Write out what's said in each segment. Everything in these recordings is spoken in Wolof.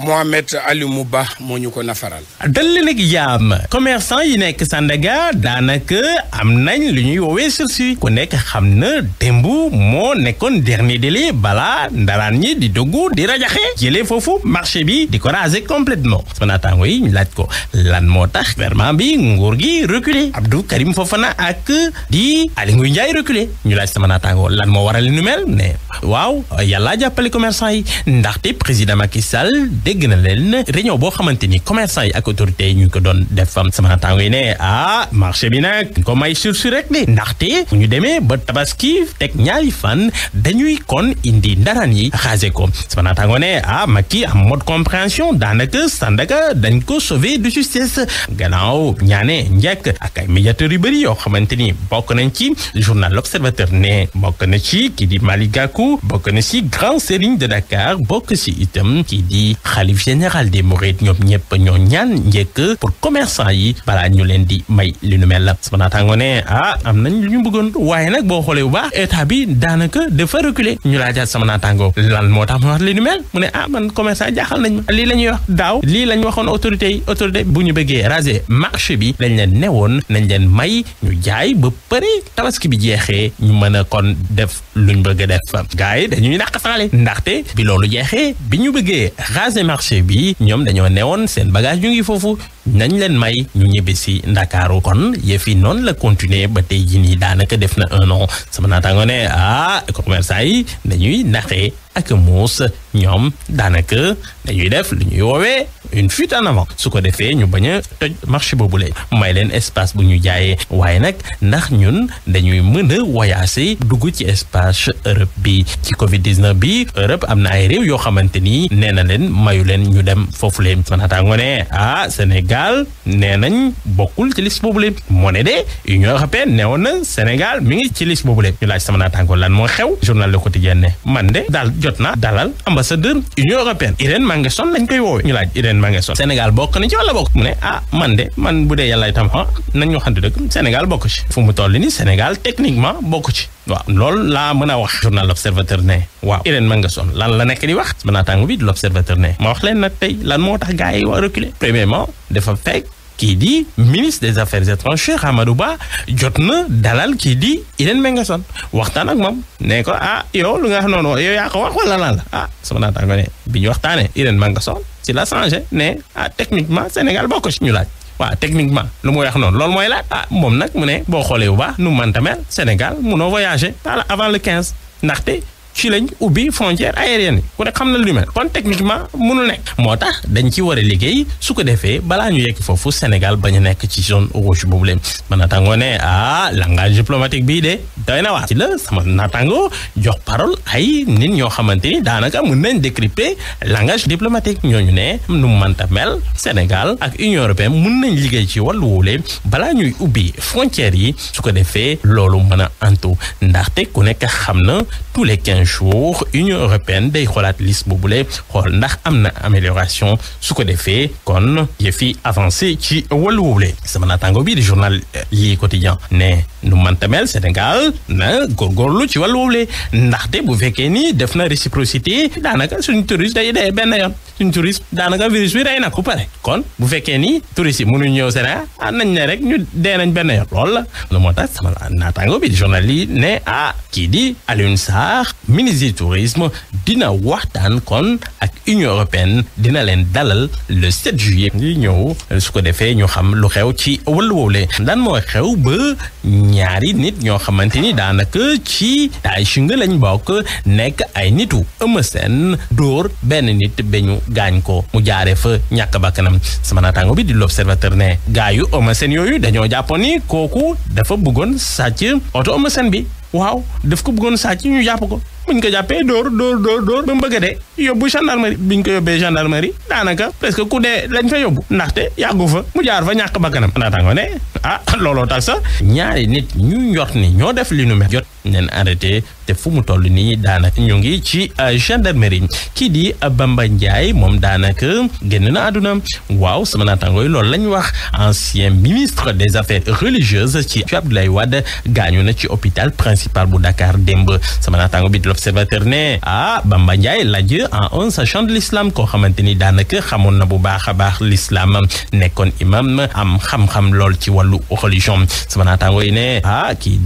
Mohamed mu Ba moo ñu ko nafaral. dal leen ak jaam commerçant yi nekk Sandaga daanaka am nañ lu ñuy woowee sursis ko nekk xam na démb moo nekkoon dernier délai balaa ndaraan ñi di dugg di rajaxe jëlee foofu marché bi di ko raser complètement sama naataango yi ñu laaj ko lan moo tax gouvernement bi nguur gi reculé Abdou Karim na ak di ali Ngouille Ndiaye reculé ñu laaj sama naataango lan moo waral nu mel ne waaw yàlla jàppale commerçant yi ndaxte président Macky dégg na boo xamante ni commerçant yi ak autorité ñu ko doon def fam sama tàngo yi ne ah marché bi nag ñu ko may sursu rek de ndaxte fu ñu demee ba tabaski teg ñaari fan dañuy kon indi ndaraan yi xaase ko sama tàngo ne ah Macky am mode compréhension daanaka Sandaga dañ ko sauver de justice gannaaw ñaane njëkk ak ay médiateurs yu bëri yoo xamante ni bokk nañ ci journal L'Observateur ne bokk na ci kii di Malick Gakou bokk na ci Grand Serigne de Dakar bokk xalif général des mourides ñoom ñëpp ñoo ñaan njëkk pour commerçant yi ñu leen di may li nu mel la sama naataango ne ah am nañ lu ñu bëggoon waaye bu baax état bi daanaka dafa reculer ñu laajaat sama naataango lan ma wax li nu mel mu ne ah man ma lii la ñuy wax daaw lii la waxoon autorité bu ñu bëggee raser marché bi lañ leen newoon nañ leen may ñu jaay ba pare tabaski bi jeexee ñu mën a kon def luñ bëgg a def gars yi dañuy bi loolu jeexee bi ñu bëggee raser marché bi ñoom dañoo newoon seen bagage ñu ngi foofu nañ leen may ñu ñibbi si ndakaaru kon yëf yi noonu la continuer ba tey jii nii daanaka def na un an sama naataango ne ah commerçant yi dañuy naxee ak muus ñoom daanaka dañuy def lu ñuy woowee une fuite en avant su ko defee ñu bañ a toj marché boobule may leen espace bu ñu jaayee waaye nag ndax ñun dañuy mën a voyager dugg ci espace Europe bi ci Covid bi Europe am na ay réew yoo xamante ni nee na leen mayu leen ñu dem foofu leen man xataango ne ah Sénégal nee nañ bokkul ci boobu boobule moo ne de Union européenne nee woon na Sénégal mi ngi ci liste boobule ñu laaj sama naataango lan moo xew journal Le Quotidien ne man de daal jot na dalal ambassadeur maa ngay sol Sénégal bokk na ci wala bokk mu ne ah man de man bu dee yàlla itam ah nañ waxante dëgg Sénégal bokk ci fu mu toll ni Sénégal techniquement bokk ci waaw loolu laa mën a wax journal l'observateur ne waaw Irène Mangasson lan la nekk di wax sama naataango bi l'observateur ne ma wax leen nag tey lan moo tax gars yi waa premièrement dafa fekk kii di ministre des affaires étrangères Amadou Ba jot na dalal kii di Irène Mangasson waxtaan ak moom ne ko ah yow lu nga xam noonu yow yaa ko wax wala lan la ah bi ñu waxtaanee Irène Mangasson ci la changé ne ah, techniquement Sénégal bokk ci ñu laaj waaw techniquement lu muy wax noonu loolu mooy laaj ah moom nag mu ne boo xoolee bu baax nu mu mënta mel Sénégal munoo voyager avant le quinze ndaxte. ci lañ ubbi frontière aérienne yi ku ne xam na lu mel kon techniquement mënul nekk moo tax dañ ci war a liggéey su ko defee balaa ñu yegg foofu Sénégal bañ a nekk ci zone rouge boobu leen ma naataangoo ne ah langage diplomatique bii de doy na waa ci la sama naataangoo jox parole ay nit ñoo xamante ni daanaka mën nañ décrypter langage diplomatique ñooñu ne nu mënta mel Sénégal ak Union européenne mën nañ liggéey ci wàllu wóole balaa ñuy ubbi frontières yi su ko defee loolu mën a antu ndaxte ku nekk xam na tous les quinze jours Union européenne day xoolaat liste boobule xool ndax am na amélioration su ko defee kon yëfi avancé ci wàllu woobule sama naataango bi di journal lii quotidien ne nu mantamel Sénégal na góorgóorlu ci wàllu woobule ndaxte bu fekkee ni def na réciprocité daanaka suñu touriste day day benn yoon suñu touriste daanaka virus bi rey na ko pare kon bu fekkee ni touriste yi mënuñ ñëw Sénégal ah nañ ne rek ñu dee nañ benn yoon lool la moo tax sama naataango bi di journal ne ah kii di Alioune Sarr ministre tourisme dina waxtaan kon ak union européenne dina leen dalal le 7 juillet yi ñëw su ko defee ñu xam lu xew ci wàllu woowule daan moo xew ba ñaari nit ñoo xamante ni daanaka ci daay shinga lañ bokk nekk ay nitu Eumeu Sène dóor benn nit ba gaañ ko mu jaaree fa ñàkk bakkanam sama naataango bi di l'observateur ne gaayu Eumeu Sène yooyu dañoo jàppoon ni kooku dafa bëggoon sàcc oto Eumeu Sène bi waaw daf ko bëggoon sàcc ñu jàpp ko ñu ko jàppee dóor dóor dóor dóor ba mu bëgg a dee yóbbu gendarmerie biñ ko yóbbee gendarmerie daanaka presque ku dee lañ fa yóbbu ndaxte yàggu fa mu jaar fa ñàkk bakkanam ndaataanga ne ah looloo tax sa ñaari nit ñu njort ni ñoo def li nu mel neen arrêté te fu mu toll nii daanaka ñu ngi ci euh, gendarmerie kii di euh, Bamba Ndiaye moom daanaka génn na àdduna waaw sama naataangooy loolu lañ wax ancien ministre des affaires religieuses ci Abdoulaye Wade gaañu na ci hôpital principal bu Dakar démb sama naataango bi di l'observateur ne ah Bamba Ndiaye laj en un de l'islam koo xamante ni daanaka xamoon na bu baax a baax l'islam nekkoon imam am xam-xam lool ci wàllu religion sama naataangooy ne ah kii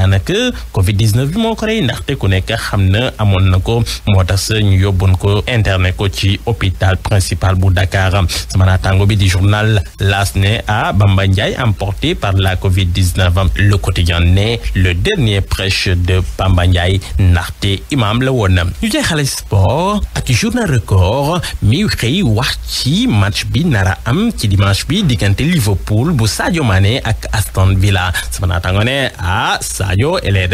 daanaka Covid 19 bi moo ko rey ndaxte ku nekk xam na amoon na ko moo tax ñu yóbboon ko internet ko ci hôpital principal bu Dakar sama naataango bi di journal L'As ne à ah, Bamba Ndiaye emporté par la Covid 19 le quotidien ne le dernier prêche de Bamba Ndiaye ndaxte imam la woon ñu jeexale sport ak journal record mi xëy wax ci match bi nara am ci dimanche bi diggante Liverpool bu Sadio Mané ak Aston Villa sama naataango ne ah Sadio et les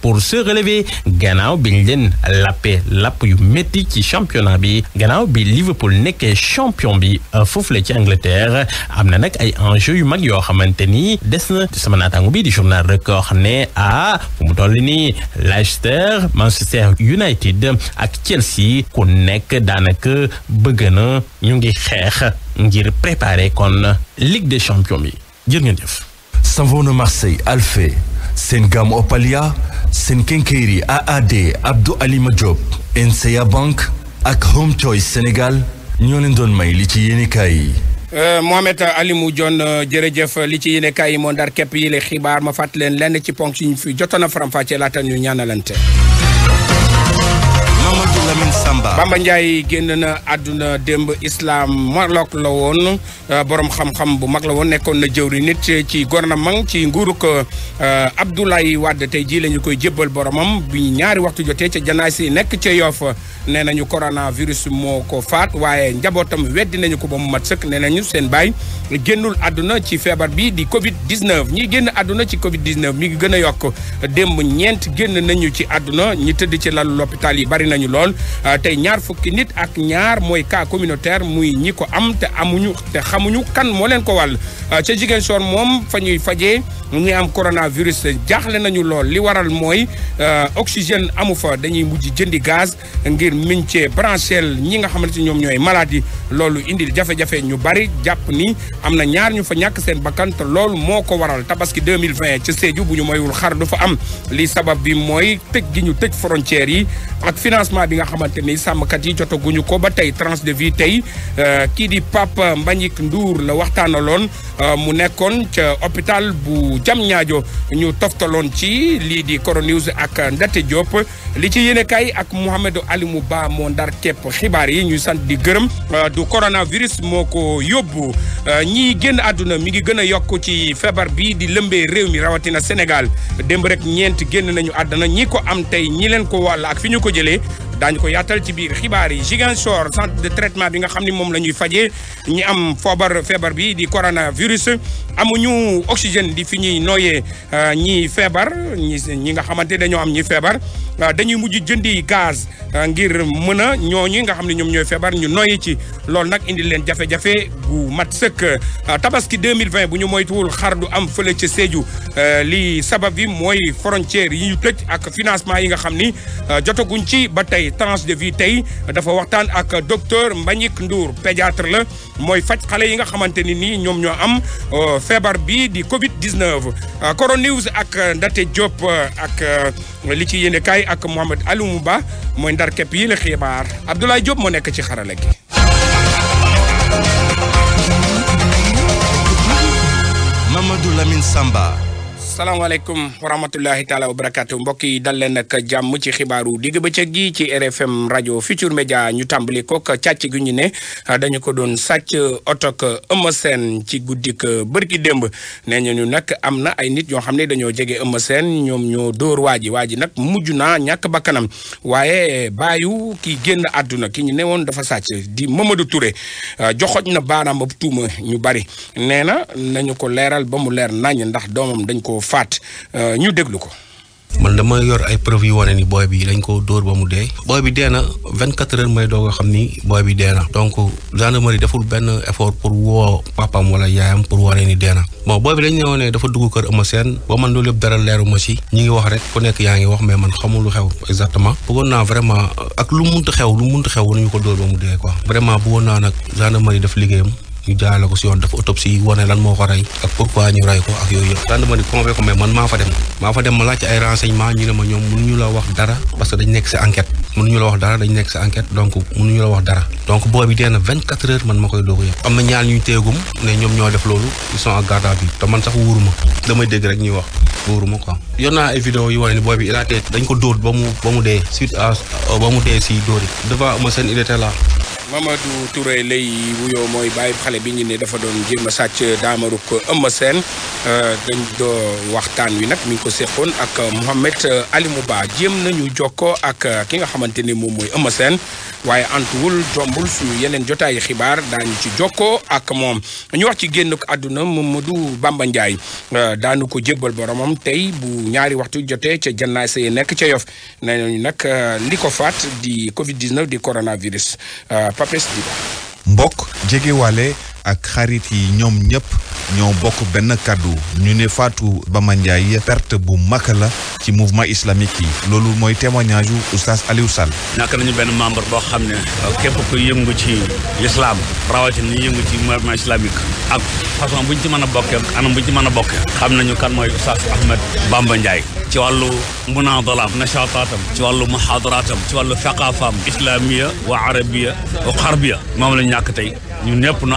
pour se relever gannaaw biñ leen lappe lapp yu métti ci championnat bi gannaaw bi Liverpool nekkee champion bi euh, foofu la ci Angleterre am na nag ay enjeux yu mag yoo xamante ni des na sama naataango bi di journal record ne a ah, fu mu toll nii Leicester Manchester United ak Chelsea ku nekk daanaka bëgg na ñu ngi xeex ngir préparer kon Ligue de champions bi jërë ngeen jëf. Savon seen gamme Opalia seen kenkeyri AAD Abdou Alima Diop NCA Bank ak Home Choice senegal ñoo leen doon may li ci yéenekaay yi euh, Mohamed Alimu joon euh, jërëjëf li ci yéenekaay yi moo ndar képp yi le xibaar ma fàtte leen lenn ci ponk yi ñu fi jotoon na faram-fàccee laata ñu ñaanalante Mamadou Lamine Samba. Bamba Ndiaye génn na àdduna démb islaam morlock la woon euh, borom xam-xam bu mag la woon nekkoon na jëwri nit ci gouvernement ci nguuru ko euh, nguuruk Abdoulaye wadd tey jii lañu ñu koy jébbal boromam bi ñaari waxtu jotee ca janaay si nekk ca yof nee nañu coronavirus moo ko faat waaye njabootam weddi nañu ko ba mu mat sëkk nee nañu seen baay génnul àdduna ci feebar bi di Covid 19 ñi génn àdduna ci Covid 19 mi ngi gën a yokk démb ñeent génn nañu ci àdduna ñi tëdd ci lalu l'hôpital yi bari nañu. lool ah, tey ñaar fukki nit ak ñaar mooy cas communautaire muy ñi ko am te amuñu te xamuñu kan moo leen ko wàll ah, ca Ziguinchor moom fa ñuy fajee ñi am coronavirus jaaxle nañu lool li waral mooy ah, oxygène amu fa dañuy mujj jëndi gaz ngir miñ cee branchel ñi nga xamante ñoom ñooy maladie loolu indil jafe-jafe ñu bari jàpp ni am na ñaar ñu fa ñàkk seen bakkan te loolu moo ko waral tabaski 2020 ca Sédhiou bu ñu moyul xar dafa am li sabab bi mooy tëj gi ñu tëj frontières yi financement bi nga xamante ni sàmmkat yi jotaguñu ko ba tey tranche de vie tey euh, kii di Pape Mbagnick Ndour la waxtaanaloon euh, mu nekkoon ca hôpital bu Diamniadio ñu toftaloon ci lii di coronews ak Ndate Diop li ci yéenekaay ak Mouhamadou Alimu Ba moo ndar képp xibaar yi ñuy sant di gërëm euh, du coronavirus moo ko yóbbu ñi génn adduna mi ngi gën a yokk ci feebar bi di lëmbee réew mi rawatina Sénégal démb rek ñeent génn nañu àdduna ñi ko am tey ñi leen ko wàll ak fi ñu ko jëlee daañu ko yaatal ci biir xibaar yi Ziguinchor centre de traitement bi nga xam ni moom la ñuy fajee ñi am foobar feebar bi di coronavirus amuñu oxygène di fi ñuy nooyee euh, ñi feebar ñi ñi nga xamante dañoo am ñi feebar Ah, dañuy mujj jëndi gaz ah, ngir mën a ñooñu nga xam ne ñoom ñooy feebar ñu noyyi ci loolu nag indi leen jafe-jafe gu mat sëkk ah, tabaski 2020 bu ñu moytuwul xar du am fële ca Sédhiou li sabab bi mooy frontière yi ñu tëj ak financement yi nga xam ni jotaguñ ci ba tey tranche de vie tey dafa waxtaan ak docteur Mbagnick Ndour pédiatre la mooy faj xale yi nga xamante ni nii ñoom ñoo am feebar bi di Covid 19 Coronews ak Ndate Diop ak. li ci yéene kaay ak Mohamed Aliou Ba mooy ndar képp yi la xibaar Abdoulaye Diop moo nekk ci xarala gi. Mamadou Lamine Samba. asalaamaaleykum wa rahmatullahi taala wa barakaatu mbokk yi dal leen ak jàmm ci xibaaru digg bëccëg gi ci RFM rajo Futur Media ñu tàmbali koog càcc gu ñu ne dañu ko doon sàcc otoog Eumeu Sène ci guddik bërki demb nee ñu nag am na ay nit yoo xam ne dañoo jege Eumeu seen ñoom ñoo dóor waa ji waa ji nag mujj naa ñàkk bakkanam waaye baayu ki génn àdduna ki ñu ne woon dafa sàcc di Mamadou ture joxoñ na baaraam ba tuuma ñu bari nee na nañu ko leeral ba mu leer nañ ndax doomam dañ ko faat euh, ñu déglu ko. man dama yor ay preuve yu wane ni booy bi dañ ko dóor ba mu dee. booy bi dee na vingt quatre heures may doog a xam ni booy bi dee na. donc gendarmerie deful benn effort pour woo papam wala yaayam pour wane ni dee na. bon booy bi dañ ne woon ne dafa dugg kër Eumeu seen ba man loolu yëpp dara leeru ma si. ñi ngi wax rek ku nekk yaa ngi wax mais man xamul lu xew exactement. bëggoon naa vraiment ak lu munti xew lu muntu xew waruñu ko dóor ba mu dee quoi. vraiment bëggoon naa nag gendarmerie def liggéeyam. ñu jaarale ko si yoon dafa autopsie yi wane lan moo ko rey ak pourquoi ñu rey ko ak yooyu yëpp daan dama di convé ko mais man maa fa dem ma laaj ci ay renseignement ñu ne ma ñoom mënuñu la wax dara parce dañ nekk si enquête mënuñu la la wax dara donc booy bi dee na vingt quatre heures man ma koy doog yëpp am na ñaar ñu téegum ne ñoom ñoo def loolu ils sont ak garde à te man sax wóoru damay dégg rek ñuy wax wóoru ma quoi yor ay vidéo yu wane ni booy Mamadou Touré lay wuyoo mooy bàyyi xale bi ñu ne dafa doon jéem a sàcc daamaruk Eumeu Sène euh, dañ doo waxtaan wi nag mi ko seqoon ak Mohamed euh, Alimou Ba jéem nañu jokkoo ak euh, ki nga xamante ni moom mooy Eumeu Sène waaye antuwul jombul suñu yeneen jotaayu xibaar daañu ci jokkoo ak moom ñu wax ci génn ko àdduna Mamadou Bamba Ndiaye daanu ko jébbal boromam tey bu ñaari waxtu jotee ca jannaay say nekk ca yof nee nañu nag li ko faat di Covid 19 di coronavirus. Papes mbokk jegewaale ak xarit yi ñoom ñëpp ñoo bokk benn kàddu ñu ne Fatou Bamba Ndiaye perte bu mag la ci mouvement islamique yi loolu mooy témoignage u oustaz Aliou Sall ñàkk nañu benn membre boo xam ne euh, képp ku yëngu ci l'islam rawatina ñu yëngu ci mouvement islamique ak façon bu ñu ci mën a bokkee anam bu ñu ci mën a bokkee xam nañu kan mooy oustaz Ahmed Bamba Ndiaye ci wàllu munadalaam nachataatam ci wàllu muhadaraatam ci wàllu thaqafaam islamiya wa arabiya wa xarbiya moom lañu ñàkk tey ñu ñëpp nu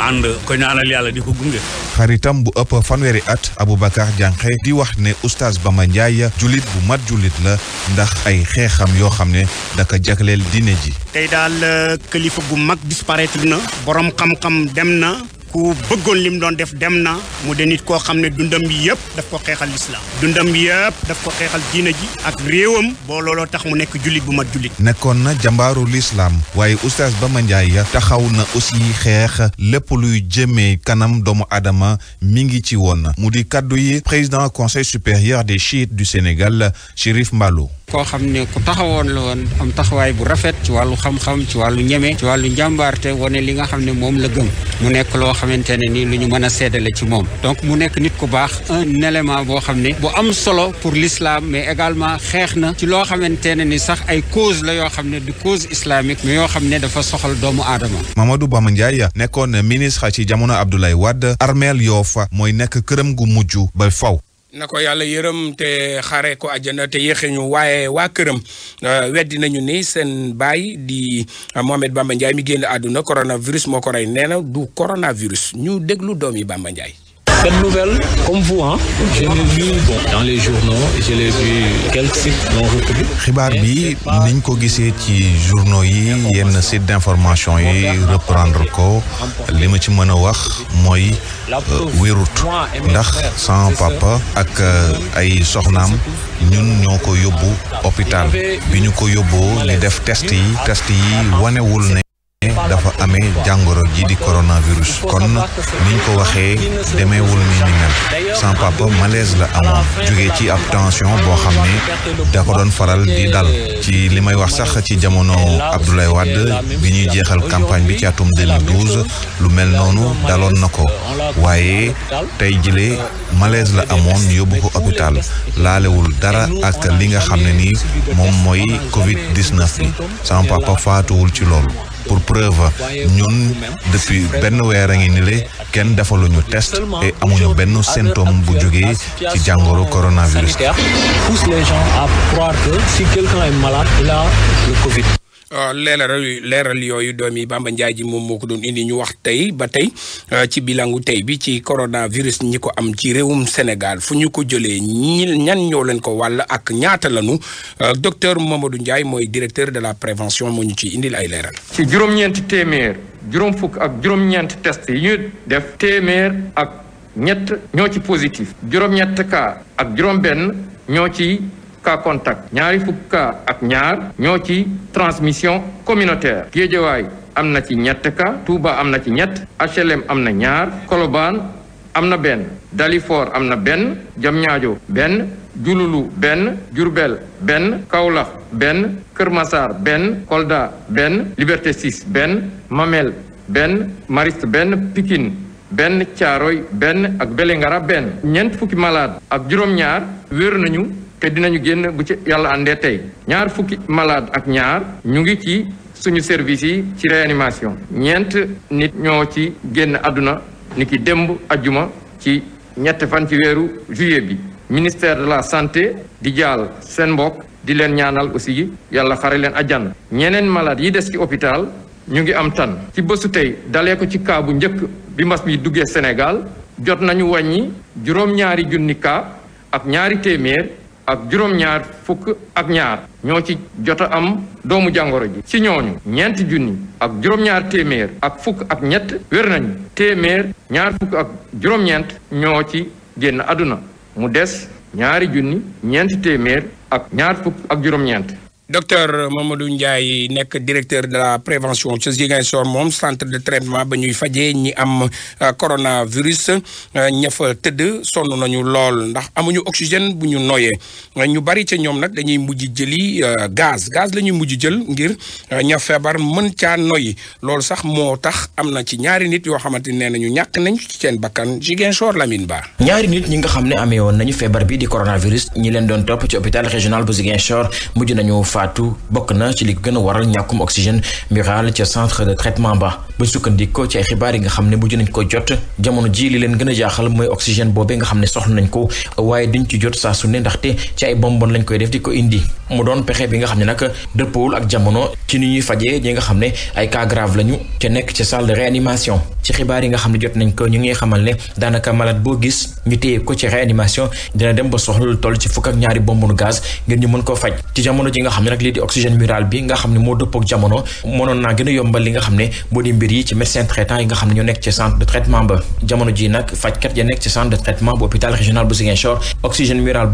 itam bu ëpp fanweeri at Aboubacar Diankhe di wax ne oustaz Bamba Ndiaye jullit bu mat jullit la ndax ay xeexam yoo xam ne daka jagleel diine ji. tey daal euh, kilifa bu mag disparaître na borom xam-xam dem na. ku bëggoon li mu doon def dem na mu de nit koo xam ne dundam bi yëpp daf ko xeexal lislaam dundam bi yëpp daf ko xeexal diina ji ak réewam boo looloo tax mu nekk jullit bu mat jullit nekkoon na jàmbaaru lislaam waaye oustaz Bamba Ndiaye taxaw na aussi xeex lépp luy jëmee kanam doomu aadama mi ngi ci woon mu di kàddu yi président conseil supérieur des chiites du Sénégal Chérif Mballo koo xam ne ku taxawoon la woon am taxawaay bu rafet ci wàllu xam-xam ci wàllu ñeme ci wàllu njàmbaarte wane li nga xam ne moom la gëm mu nekk loo xamante ne ni lu ñu mën a seddale ci moom donc mu nekk nit ku baax un élément boo xam ne bu am solo pour lislaam mais également xeex na ci loo xamante ne ni sax ay cause la yoo xam ne du cause islamique mais yoo xam ne dafa soxal doomu aadama Mamadou Bamba Ndiaye nekkoon ministre ci jamono Abdoulaye Wade armeel Yoff mooy nekk këram gu mujj ba faw na ko yàlla yërëm te xare ko àjjana te yéexe ñu waaye waa këram euh, weddi nañu ni seen baay di euh, Mohamed Bamba Ndiaye mi génn àdduna coronavirus moo ko rey nee na du coronavirus ñu déglu doom yi Bamba Ndiaye Cette nouvelle, les journaux, je l'ai vu xibaar bi niñ ko gisee ci journaux yi yenn site d'information yi reprendre ko li ma ci mën a wax mooy euh, wérut ndax sans papa ak euh, ay soxnaam ñun ñoo ko yóbbu hôpital bi ñu ko yóbboo ñu def test yi test yi wanewul ne dafa amee jàngoro ji di coronavirus kon niñ ko waxee demewul ni ni mel sans papa malaise la amoon jógee ci ab tension boo xam ne da ko doon faral di dal ci li may wax sax ci jamono Abdoulaye Wade bi ñuy jeexal campagne bi ci atum 2012 lu mel noonu daloon na ko waaye tey jile malaise la amoon yóbbu ko hôpital laalewul dara ak li nga xam ne ni moom mooy Covid 19 bi sama papa faatuwul ci loolu. pour preuve ñun depuis benn weer a ngi ni le kenn defaluñu test et amuñu benn symptôme bu jógee ci jàngoro coronavirus. pousse Euh, leeral leeral yooyu doom yi Bamba Ndiaye ji moom moo ko doon indi ñu wax tey ba tey euh, ci bilangu tey bi ci coronavirus ñi ko am ci réewum Sénégal fu ñu ko jëlee ñan ñoo leen ko wàll ak ñaata lanu euh, docteur Mamadou Ndiaye mooy directeur de la prévention moo ñu ci indil ay leeral. ci juróom-ñeenti téeméer juróom fukk ak juróom-ñeenti test yi ñu def téeméer ak ñett ñoo ci positif juróom-ñett cas ak juróom-benn ñoo ci. cas contact ñaari fukk cas ak ñaar ñoo ci transmission communautaire Géejawaay am na ci ñett cas Touba am na ci ñett HLM am na ñaar Colobane am na benn Dalifort am na benn Diamniadio benn Diouloulou benn Diourbel benn Kaolack benn Kër benn Kolda benn Liberté 6 benn Mamel benn Mariste benn pikin benn Thiaroye benn ak Belengara benn ñeent fukki malade ak juróom-ñaar wér nañu te dinañu génn bu ci yàlla àndee tey ñaar fukki malade ak ñaar ñu ngi ci suñu service yi ci réanimation ñeent nit ñoo ci génn àdduna ni ki démb ajjuma ci ñett fan ci weeru juillet bi ministère de la santé di jaal seen mbokk di leen ñaanal aussi yàlla xare leen àjjana ñeneen malade yi des ci hôpital ñu ngi am tan ci bësu tey dalee ko ci cas bu njëkk bi mas mi duggee Sénégal jot nañu wàññi juróom-ñaari junni cas ak ñaari téeméer ak juróom-ñaar fukk ak ñaar ñoo ci jot a am doomu jàngoro ji ci ñooñu ñeenti junni ak juróom-ñaar téeméer ak fukk ak ñett wér nañu téeméer ñaar fukk ak juróom-ñeent ñoo ci génn àdduna mu des ñaari junni ñeenti téeméer ak ñaar fukk ak juróom-ñeent docteur Mamadou Ndiaye nekk directeur de la prévention ci Ziguinchor moom centre de traitement ba ñuy fajee ñi am euh, coronavirus euh, ña fa tëdd sonn nañu lool ndax amuñu oxygène bu ñu noyee ñu bari ca ñoom nag dañuy mujj jëli euh, gaz gaz la ñuy mujj jël ngir ña feebar mën caa noyyi loolu sax moo tax am na ci ñaari nit yoo xamante ne nañu ñàkk nañ ci seen bakkan Ziguinchor Lamine Ba. ñaari nit ñi nga xam ne amee woon nañu feebar bi di coronavirus ñi leen doon topp ci hôpital régional bu Ziguinchor mujj faatu bokk na ci li gën a waral ñàkkum oxygène mural ca centre de traitement ba ba sukkandikoo ci ay xibaar yi nga xam ne mujj nañ ko jot jamono ji li leen gën a jaaxal mooy oxygène boobee nga xam ne soxla nañ ko waaye duñ ci jot saa su ne ndaxte ci ay bonbon lañ koy def di ko indi mu doon pexe bi nga xam ne nag dëppoowul ak jamono ci ni ñuy fajee ñi nga xam ne ay cas grave lañu te nekk ci salle de réanimation ci xibaar yi nga xam ne jot nañ ko ñu ngi xamal ne daanaka malade boo gis ñu téye ko ci réanimation dina dem ba soxla lu toll ci fukk ñaari bombonu gaz ngir ñu mën koo faj jamono ji nga xam ne nag lii di oxygène mural bi nga xam ne moo dëppook jamono mënoon naa gën a yombal li nga xam ne moo di mbir yi ci médecin traitant yi nga xam ne ñoo nekk ci centre de traitement ba jamono ji nag fajkat ya nekk ci centre de traitement bu hôpital régional bu Ziguinchor oxygène mural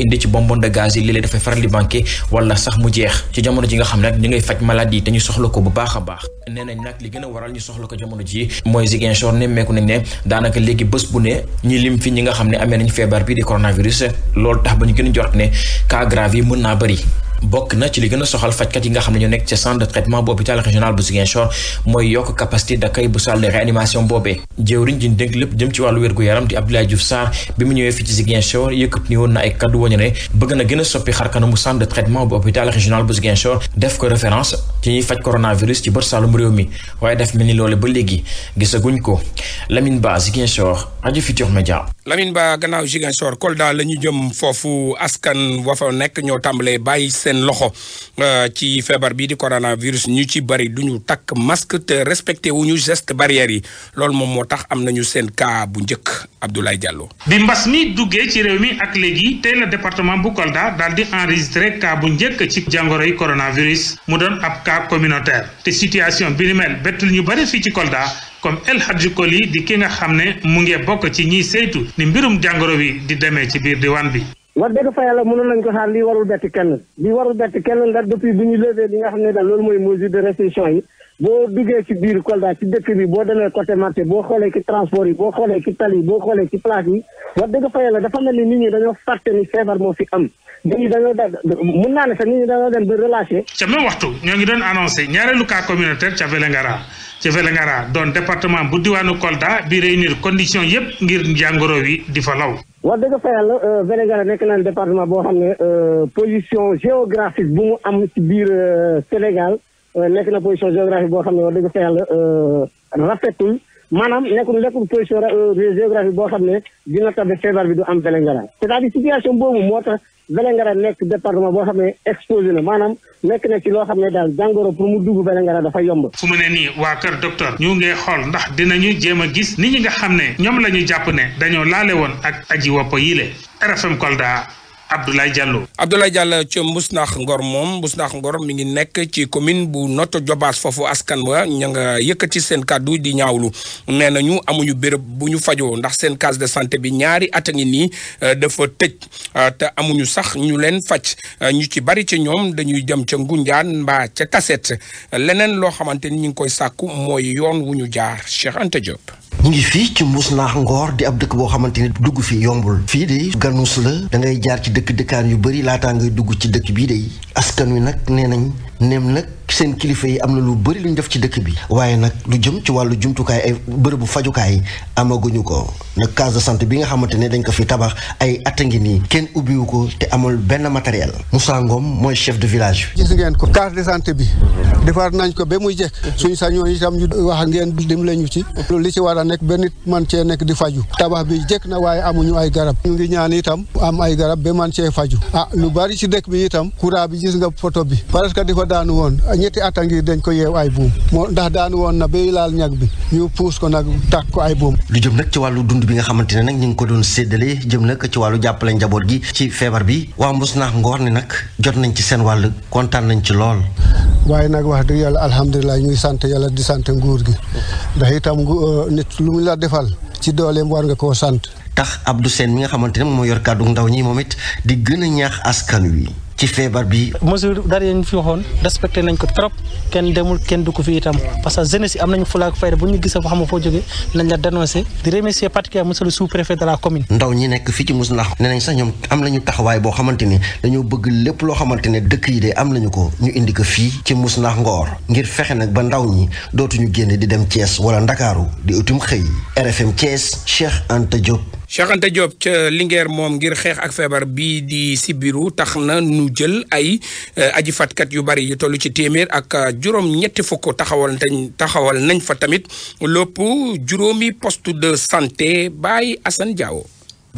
a di ci bonbon de gaz yi léeg-léeg dafay faral di manqué wala sax mu jeex ci jamono ji nga xam ne ñu ngay faj maladie yi te ñu soxla ko bu baax a baax nee nañ nag li gën a waral ñu soxla ko jamono ji mooy Ziguinchor nemmeeku nañ ne daanaka léegi bés bu ne ñi lim fi ñi nga xam ne amee nañ feebar bi di coronavirus loolu tax ba ñu gën a jot ne cas grave yi mën naa bëri bokk na ci li gën a soxal fajkat yi nga xam ne ñoo nekk ci centre de traitement bu hôpital régional bu Ziguinchor mooy yokk capacité d'accueil bu salle de réanimation wàllu wér-gu-yaram di Abdoulaye Diouf Sarr bi mu ñëwee fii ci Ziguinchor yëkkati ni woon na ay kaddu woñu ne bëgg na gën a soppi xarkanamu centre de traitement bu hôpital régional bu Ziguinchor def ko référence ci ñuy faj coronavirus ci bët saalum réew mi waaye def mel ni loole ba léegi gisaguñ ko Lamine Ba Ziguinchor rajo Futurs Médias Lamine Ba gannaaw Ziguinchor Kolda la ñu jëm foofu askan wa nekk ñoo tàmbalee bàyyi seen loxo euh, ci feebar bii di coronavirus ñu ci bëri du ñu takk masque te respecté wu ñu geste barrière yi loolu moom moo tax am nañu seen kaa bu njëkk Abdoulaye Diallo. bi mbas mi duggee ci réew mi ak léegi tey la département bu Kolda daal di enregistré cas bu njëkk ci jàngoro yi coronavirus mu doon ab cas communautaire te situation bi ni mel bettul ñu bëri fii ci Kolda. comme El Hadji Koli di ki nga xam ne mu ngi bokk ci ñiy saytu ni mbirum jàngoro bi di demee ci biir diwaan bi. wax dëgg fa yàlla mënoon nañ ko xaar lii warul bett kenn lii warul bett kenn ndax depuis bi ñu levé li nga xam ne daal loolu mooy mesure de restriction yi. boo duggee ci biir Kolda ci dëkk bi boo demee côté marché boo xoolee ci transport yi boo xoolee ci tali yi boo xoolee ci place yi wax dëgg fa yàlla dafa mel ni nit ñi dañoo fàtte ni feebar moo fi am nit ñi dañoo da mun naa ne sax nit ñi dañoo dem ba relâché ca même waxtu ñoo ngi doon annoncé ñaareelu cas communautaire ca Vélingara ca Vélingara doon département bu diwaanu Kolda bi réunir condition yëpp ngir jàngoro wi di fa law wax dëgg fa yàlla euh, Vélingara nekk na département boo xam ne euh, position géographique bu mu am ci biir euh, Sénégal Euh, nekk na position géographique boo xam ne wax dëgg fa yàlla euh, rafetul maanaam nekkul nekkul position euh, géographique boo xam ne dina tax ba feebar bi du am Vélingara c'est-à-dire situation boobu moo tax Vélingara nekk département boo xam ne exposé na maanaam nekk na ci loo xam ne daal jàngoro pour mu dugg Vélingara dafa yomb. fu mu ne nii waa kër docteur ñu ngi xool ndax dinañu jéem a gis nit ñi nga xam ne ñoom la ñu jàpp ne dañoo laale woon ak aji wopp yile RFM Kolda. Abdoulaye Diallo. Abdoulaye Diallo ci Mbousnakh Ngor moom Mbousnakh Ngor mi ngi nekk ci commune bu Notto Diobass foofu askan wa ña yëkkati seen kàddu di ñaawlu nee ñu amuñu béréb bu ñu fajoo ndax seen case de santé bi ñaari at ngi nii euh, dafa tëj euh, te amuñu sax ñu leen faj euh, ñu ci bari ci ñoom dañuy dem ca Ngunjaan mbaa ca Taset leneen loo xamante ni ñu ngi koy sàkku mooy yoon wu ñu jaar Cheikh ante Diop. ñu ngi fii ci mbuus naax ngoor di ab dëkk boo xamante ne dugg fi yombul fii de ganus la da ngay jaar ci dëkk dëkkaan yu bëri laataa ngay dugg ci dëkk bii de askan wi nag nee nañ neem nag seen kilifa yi am na lu bëri lu ñu def ci dëkk bi waaye nag lu jëm ci wàllu jumtukaay ay bërëbu fajukaay amaguñu ko nag case de santé bi nga xamante ne dañ ko fi tabax ay at a ngi nii kenn ubbiwu ko te amul benn matériel Moussa Ngom mooy chef de village bi. gis ngeen ko case de santé bi defar nañ ko ba muy jekk suñu sañoon itam ñu wax ngeen dimbale ñu ci li ci war nekk ba nit man cee nekk di faju tabax bi jëkk na waaye amuñu ay garab ñu ngi ñaan itam am ay garab ba man cee faju ah lu bari ci dëkk bi itam courant bi bi daanu woon ñetti at a ngi dañ ko yeew ay buum moo ndax daanu woon na bay laal ñag bi ñu puus ko nag tàkk ko ay buum. lu jëm nag ci wàllu dund bi nga xamante ne nag ñu ngi ko doon séddale jëm nag ci wàllu jàppale njaboot gi ci feebar bi waa Mbousnakh ngoor ni nag jot nañ ci seen wàll kontaan nañ ci lool. waaye nag wax dëgg yàlla alhamdulilah ñuy sant yàlla di sant nguur gi ndax itam euh, nit lu mu la defal ci dooleem war nga koo sant. tax ab du Sène mi nga xamante ne moo yor kàddu ndaw ñi moom it di gën a ñaax askan wi. ci feebar bi. mesure dara yi ñu fi waxoon respecté nañ ko trop kenn demul kenn du ko fii itam parce que jeunesse yi am nañu fulaak fayda bu ñu gisee foo xam ne foo jógee nañ la dénoncé di remercier particulièrement monsieur le sous-préfet de la commune. ndaw ñi nekk fii ci Moussinax nee nañ sax ñoom am nañu taxawaay boo xamante ni dañoo bëgg lépp loo xamante ne dëkk yi de am nañu ko ñu indi ko fii ci Moussinax Ngor ngir fexe nag ba ndaw ñi dootuñu génn di dem cees wala Ndakaaru di utum xëy RFM cees Cheikh Anta Diop. Cheikh Anta Diop ca Linguère moom ngir xeex ak feebar bii di sibiru tax na nu jël ay eh, aji fatkat yu bari yi toll ci téeméer ak eh, juróom-ñetti fukk taxawal nañ taxawal nañ fa tamit lépp juróomi poste de santé Baye Assane Diawo.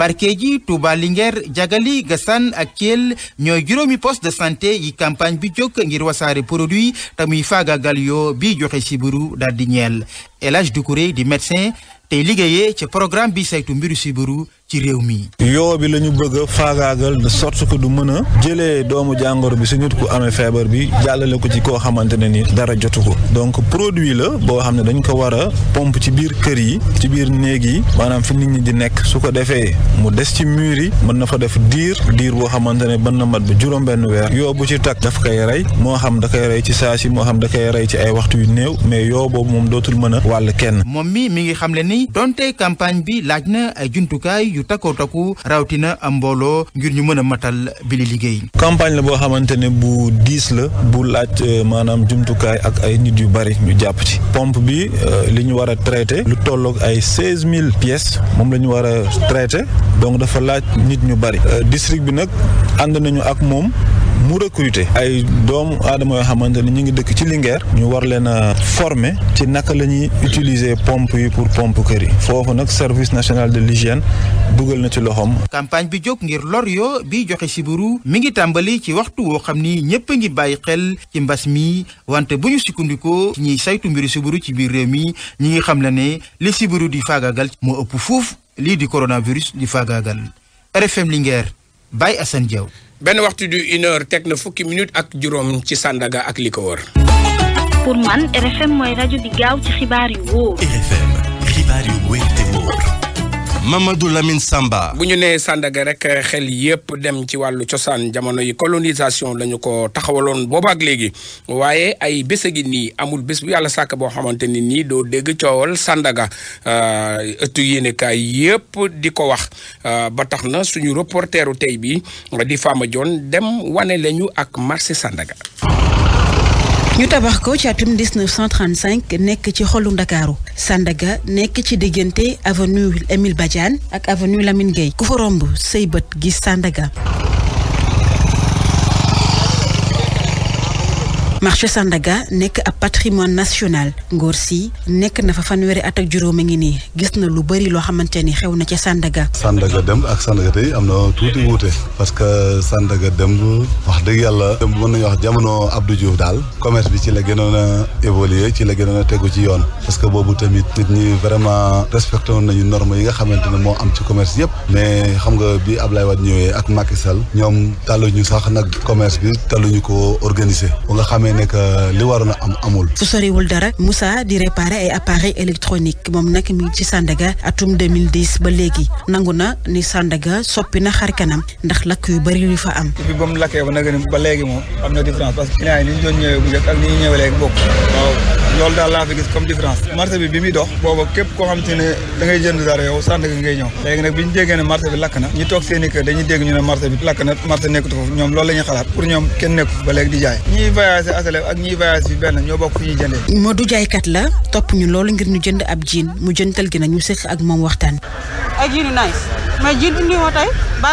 Barkeeji Touba Linguère Jagali Gassane ak Thiel ñooy juróomi poste de santé yi campagne bi jóg ngir wasaare produit te muy faagaagal yoo bi joxe sibiru daal di ñeel élage Hadj kuré di médecin. tey liggéeyee ci programme bi saytu mbiru sibiru ci réew mi. yoo bi la ñu bëgg a faagaagal de sorte que du mën a jëlee doomu jàngoro bi su nit ku amee feebar bi jàllale ko ci koo xamante ne ni dara jotu ko donc produit la boo xam ne dañ ko war a pompe ci biir kër yi ci biir néeg yi maanaam fi nit ñi di nekk su ko defee mu des ci mur yi mën na fa def diir diir boo xamante ne mën na mat ba juróom-benn weer yoo bu ci takk daf koy rey moo xam da koy rey ci saa si moo xam da koy rey ci ay waxtu yu néew mais yoo boobu moom dootul mën a wàll kenn. ju takkoo takku rawatina am mbooloo ngir ñu mën a matal bi li liggéey. campagne la boo xamante ne bu diis la bu laaj euh, maanaam jumtukaay ak ay nit yu bari ñu jàpp ci pompe bi euh, li ñu war a traité lu tolloog ay seize mille pièces moom la ñu war a traité donc dafa laaj nit ñu bari euh, district bi nag ànd nañu ak moom. mu recruter ay doomu aadama yoo xamante ne ñu ngi dëkk ci Linguère ñu war leen a former ci naka la ñuy utiliser pompe yi pour pompe kër yi foofu nag service national de l'hygiène dugal na ci loxoom. campagne bi jóg ngir lor yoo biy joxe siburu mi ngi tàmbali ci waxtu woo xam ni ñëpp a ngi bàyyi xel ci mbas mi wante bu ñu sukkandikoo ñiy saytu mbiru siburu ci biir réew mi ñi ngi xam la ne li siburu di faagaagal moo ëpp fuuf lii di coronavirus di faagaagal RFM Linguère Baye Assane Diaw. benn waxtu du une teg na fukki minute ak juróom ci Sandaga ak li ko wër. pour man RFM mooy rajo bi gaaw ci xibaar yu wóor. Mamadou Lamine Samba. bu ñu nee Sandaga rek xel yëpp dem ci wàllu cosaan jamono yi colonisation lañu ko taxawaloon booba ak léegi waaye ay bés a ngi nii amul bés bu yàlla sàkk boo xamante ni nii doo dégg coowal Sandaga euh, ëttu yéenekaay yëpp di ko wax euh, ba tax na suñu reporteru tey bi di Fama Dione dem wane lañu ak marché Sandaga. ñu tabax ko ci atum 1935 nekk ci xolu ndakaaru Sandaga nekk ci diggante avenue Émile Badiane ak avenue Lamine Gueye ku fa romb say bët gis Sandaga marché Sandaga nekk ab patrimoine national ngóor si nekk na fa fanweeri at ak juróom a ngi nii gis na lu bëri loo xamante ni xew na ca Sandaga. Sandaga dem ak Sandaga tey am na tuuti wuute parce que Sandaga dem wax dëgg yàlla dem mën nañu wax jamono Abdou Diouf daal commerce bi ci la gënoon a ci la gënoon tegu ci yoon parce que boobu tamit nit ñi vraiment respecté woon nañu normes yi nga xamante ne moo am ci commerce yëpp mais xam nga bi Ablaye Wade ñëwee ak Macky Sall ñoom tàlluñu sax nag commerce bi tàlluñu ko organiser mooy nekk euh, li waroon a am amul. fu soriwul dara Moussa di réparer ay appareils électroniques moom nag mi ngi ci Sandaga atum 2010 ba léegi nangu na ni Sandaga soppi na xar kanam ndax lakk yu bëri yu fa am. depuis ba mu lakkee ba nag ba léegi moom am na différence parce que client yi ni ñu doon ñëwee bu njëkk ni ñëwee léegi bokk waaw. loolu daal laa fi gis comme différence bi bi muy dox booba képp koo xam te ne da jënd dara yow sant gi ngay ñëw léegi nag bi ñu déggee ne marché bi lakk na topp ñu loolu ngir ñu jënd ab jiin mu jëntal gi nañu sëq ak moom waxtaan ay jiin yu nice jiin indi ma tey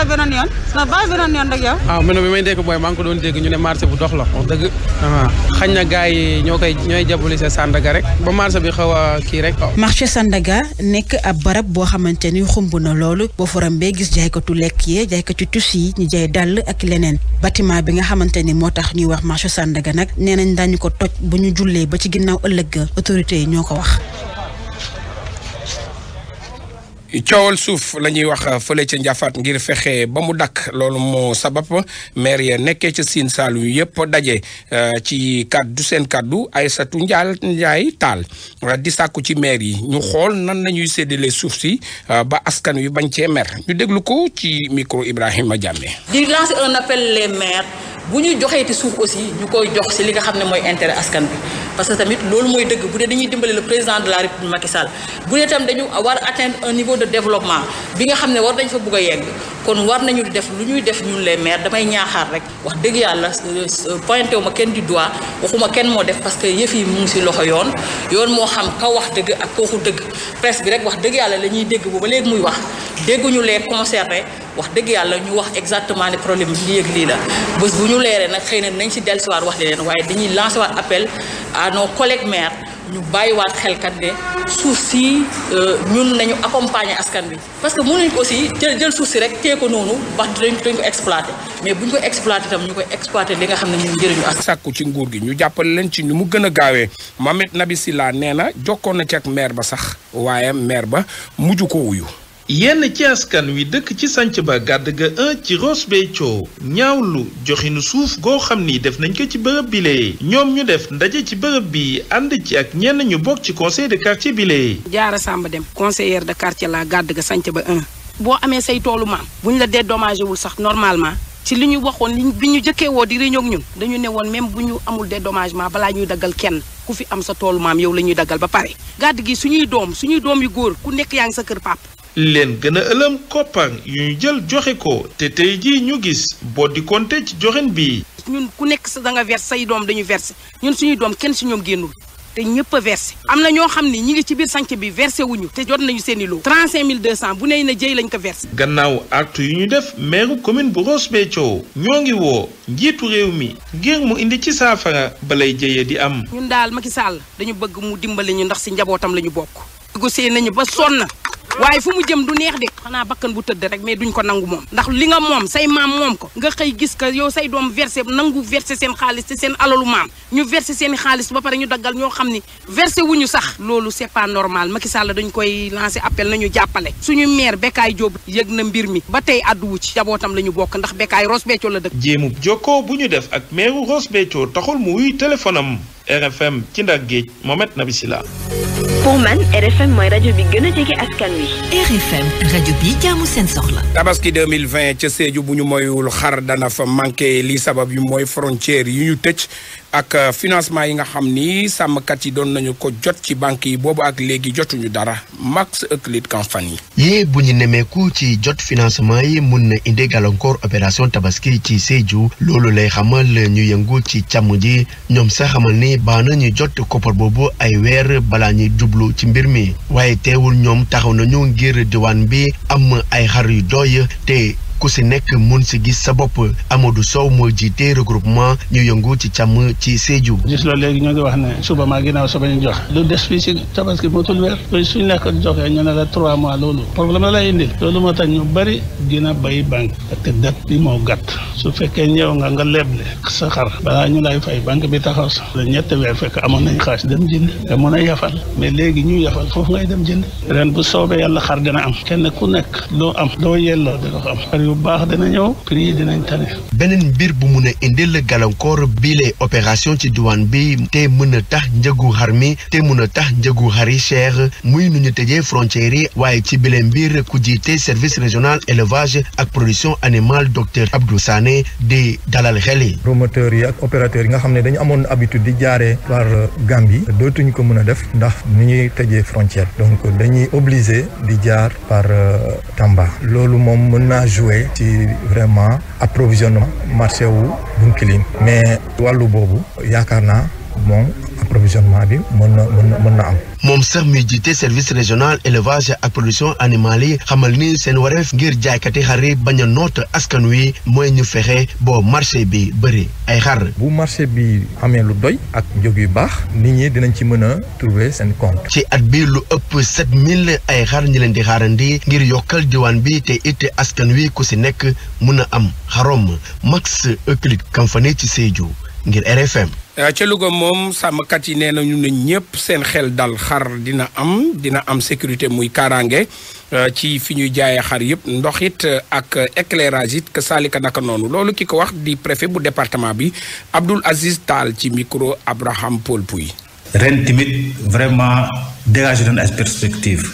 beneen yoon na bàyyi beneen ah, bi may dégg mooy maa ko doon dégg ñu ne marché bu dox la wax ah, na gars ñoo koy ñooy jabuli marché Sandaga rek ba marché bi xaw a kii rek. marché Sandaga nekk ab barab boo xamante ni xumb na loolu boo foram bee gis jaaykatu lekk yee jaaykatu tus yi ñu jaay dàll ak leneen bâtiment bi nga xamante ni moo tax ñuy wax marché Sandaga nag nee nañ daañu ko toj bu ñu jullee ba ci ginnaaw ëllëg autorité yi ñoo ko wax. coowal suuf la ñuy wax fële ca Ndiafaat ngir fexe ba mu dakk loolu moo sabab maire ya nekkee ca Sine yu yëpp daje euh, ci kaddu seen kaddu Aysatu Njaal Njaay Taal euh, di sàkku ci maire yi ñu xool nan lañuy ñuy séddale suuf si euh, ba askan wi bañ cee mer ñu déglu ko ci micro Ibrahima a di lancer un appel les maires bu ñu joxeeti suuf aussi ñu koy jox si li nga xam ne mooy intérêt askan bi. parce que tamit loolu mooy dëgg bu dee dañuy dimbale le président de la république Macky Sall bu dee tam dañu war atteindre un niveau de développement bi nga xam ne war dañ fa bugg a yegg kon war nañu def lu ñuy def ñun les maires damay ñaaxaar rek wax dëgg yàlla euh, pointé wu ma kenn di doigt waxuma kenn moo def parce que yëf yi mu ngi si loxo yoon yoon moo xam kaw wax dëgg ak kooku dëgg presse bi rek wax dëgg yàlla la ñuy dégg bu ba léegi muy wax dégguñu les concernés wax dëgg yàlla ñu wax exactement ne problème bi lii ak lii la bës bu ñu leeree nag xëy na nañ ci dellusiwaat wax leen waaye dañuy lancer waat appel à nos collègues maires ñu bàyyiwaat xelkat ne suuf si euh, ñun nañu accompagner askan bi parce que mënuñ ko aussi jël suuf si rek ko noonu wax dañ ko mais buñ ko exploiter tam ñu koy exploiter li nga xam ne ñun njëriñu ak sàkku ci nguur gi ñu jàppale leen ci ñu mu gën a gaawee Mamet Nabi laa nee na jokkoon na ci maire ba sax waaye maire ba mujj ko wuyu yenn ci askan wi dëkk ci sanc ba gàdd ga 1 ci Ross Béthio ñaawlu joxinu suuf goo xam ni def nañ ko ci bërëb bile ñoom ñu def ndaje ci bërëb bi ànd ci ak ñenn ñu bokk ci conseil de quartier bile. jaara Samba dem conseillère de quartier la gàdd ga sanc ba 1. boo amee say toolu maam bu ñu la dédommagé wul sax normalement. ci li ñuy waxoon li bi ñu jëkkee woo di réunion ak ñun dañu ne woon même bu ñu amul dédommagement balaa ñuy daggal kenn ku fi am sa toolu maam yow la ñuy daggal ba pare. gàdd gi suñuy doom suñuy doom yu góor ku nekk yaa ngi sa kër leen gën a ëlëm koppar yu ñu jël joxe ko te tey jii ñu gis boo di konte ci joxen bi ñun ku nekk sa da nga verse say doom dañu verse ñun suñuy doom kenn si ñoom génnul te ñëpp a am na ñoo xam ni ñi ngi ci biir sànq bi versé wuñu te jot nañu seen i loo 35200 bu ney na jëy lañ ko versé. gannaaw acte yu ñu def maire commune bu Ross Béthio ñoo ngi woo njiitu réew mi ngir mu indi ci saafara balay jëyee di am. ñun daal Macky Sall dañu bëgg mu dimbali ñu ndax si njabootam la ñu bokk. négocié nañu ba waaye fu mu jëm du neex de xanaa bakkan bu tëdd rek mais duñ ko nangu moom ndax li nga moom say maam moom ko nga xëy gis ko yow say doom versé nangu versé seen xaalis te seen alalu maam ñu verse seen xaalis ba pare ñu daggal ñoo xam ni wu ñu sax loolu c'est pas normal Macky Sall dañ koy lancé appel nañu jàppale suñu maire bekkaay Diop yëg na mbir mi ba tey àdduwu ci jabootam la ñu bokk ndax Bekaay Ross Béthio la dëkk jéemub jokko bu ñu def ak maire Ross Béthio taxul mu wuy téléphone RFM ci ndar géej Mohamed Nabi Silla pour man RFM mooy rajo bi gën a jege askan wi. RFM rajo bi jaamu seen soxla. tabaski ca Sédhiou bu ñu moyul xar dana fa manqué li sabab yi mooy frontière yi ñu tëj ak euh, financement yi nga xam ni sàmmkat yi doon nañu ko jot ci banque yi boobu ak léegi jotuñu dara Max Euclid Kamfani yi bu ñu nemeeku ci jot financement yi mën na indi gàllankoor opération tabaski ci Sédhiou loolu lay xamal ñu yëngu ci càmm ji ñoom sax xamal ni ba na ñu jot koppar boobu ay weer balaa ñuy jublu ci mbir mi waaye teewul ñoom taxaw nañu ngir diwaan bi am ay xar yu doy te ku si nekk mun si gis sa bopp Amadou Sow moo jiite regroupement ñu yëngu ñu jox lu des fii si tabaski motul weer loolu suñ la ko joxee ñu ne la trois mois loolu problème la lay indi loolu moo tax ñu su fekkee ñëw nga nga sa xar balaa ñu lay fay banque bi taxaw sa la ñetti weer fekk amoon nañ xaalis dem jënd te mën ñu yafal foofu ngay dem jënd ren bu soobee yàlla xar dina am kenn ku nekk doo am doo yelloo di ko am yu baax dina ñëw prix dinañ tane. beneen mbir bu mun a indil la gàllankoor bile opération ci diwaan bi te mën a tax njëgu xar mi te mën a tax njëgu xar yi cher muy nu ñu tëjee frontières yi waaye ci bile mbir ku jiite service régional élevage ak production animale docteur Abdou Sané di dalal xel yi. promoteurs yi ak opérateurs yi nga xam ne dañu amoon habitude di jaaree par Gambie dootuñu ko mën a def ndax ni ñuy tëjee frontière donc dañuy obligé di jaar par euh, Tamba loolu moom mën naa jouer. jàppale ci vraiment approvisionnement marché wu Bounkiling mais wallu boobu yaakaar naa moom approvisionnement bi moom sax mi jiite service régional élevage ak production animale xamal ni seen wareef ngir jaaykati xar yi bañ a noot askan wi mooy ñu fexe boo marché bi bëri ay xar. bu marché bi amee lu doy ak njëg yu baax nit ñi dinañ ci mën a trouver seen compte. ci at bi lu ëpp sept mille ay xar ñi leen di xaarandi ngir yokkal diwaan bi te it askan wi ku si nekk mën a am xarom Max Euclid Kamfane ci Sédhiou ngir RFM. Euh, ca Louga moom sàmmkat yi nee na ñu ne ñëpp seen xel dal xar dina am dina am sécurité muy kaaraange euh, ci fi ñuy jaayee xar yëpp ndox it euh, ak éclairage it que saalika naka noonu loolu ki ko wax di préfet bu département bi Abdoul Aziz Tall ci micro Abraham Paul Pouy ren tamit vraiment dégagé nañ ay perspective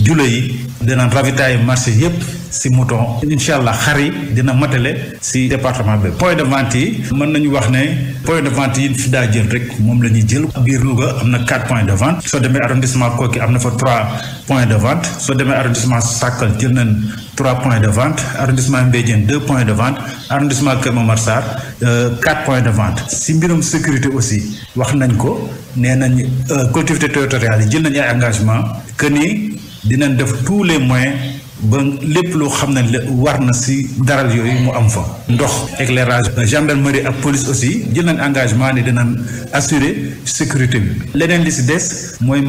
jula yi dina ravitaay marché yépp si moton incha allah xar yi dina matele si département bi point de vente yi mën nañu wax ne point de vente yi fi daa jël rek moom la ñuy jël biir Louga am na quatre points de vente soo demee arrondissement Koki am na fa trois points de vente soo demee arrondissement Sakal jël nañ trois points de vente arrondissement Mbédiène deux points de vente arrondissement Kër Momar Sarr euh, quatre points de vente si mbirum sécurité aussi wax nañ ko nee nañ euh, collectivité territoriale yi jël nañ ay engagement que dinañ def tous les moyens ba lépp loo xam ne war na si daral yooyu mu am fa. ndox éclairage gendarmerie ak police aussi jël nañ engagement ne dinañ assurer sécurité bi. leneen li si des mooy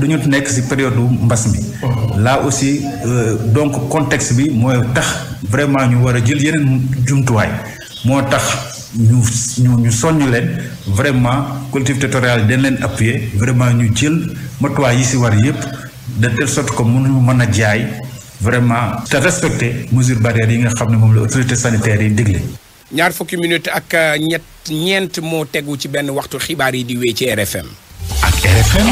dañu nekk si période mbas mi. là aussi euh, donc contexte bi mooy tax vraiment ñu war a jël yeneen jumtuwaay moo tax. ñu ñu ñu soññ leen vraiment collectivité territoriale dañ leen appuyer vraiment ñu jël matuwaay yi ci war yépp da telle ko que mënu mën a jaay vraiment te respecter mesures barrières yi nga xam ne moom la autorité sanitaire yi digle. ñaar fukki minutes ak euh, ñett ñeent moo tegu ci benn waxtu xibaar yi di wéy ci RFM. ak RFM.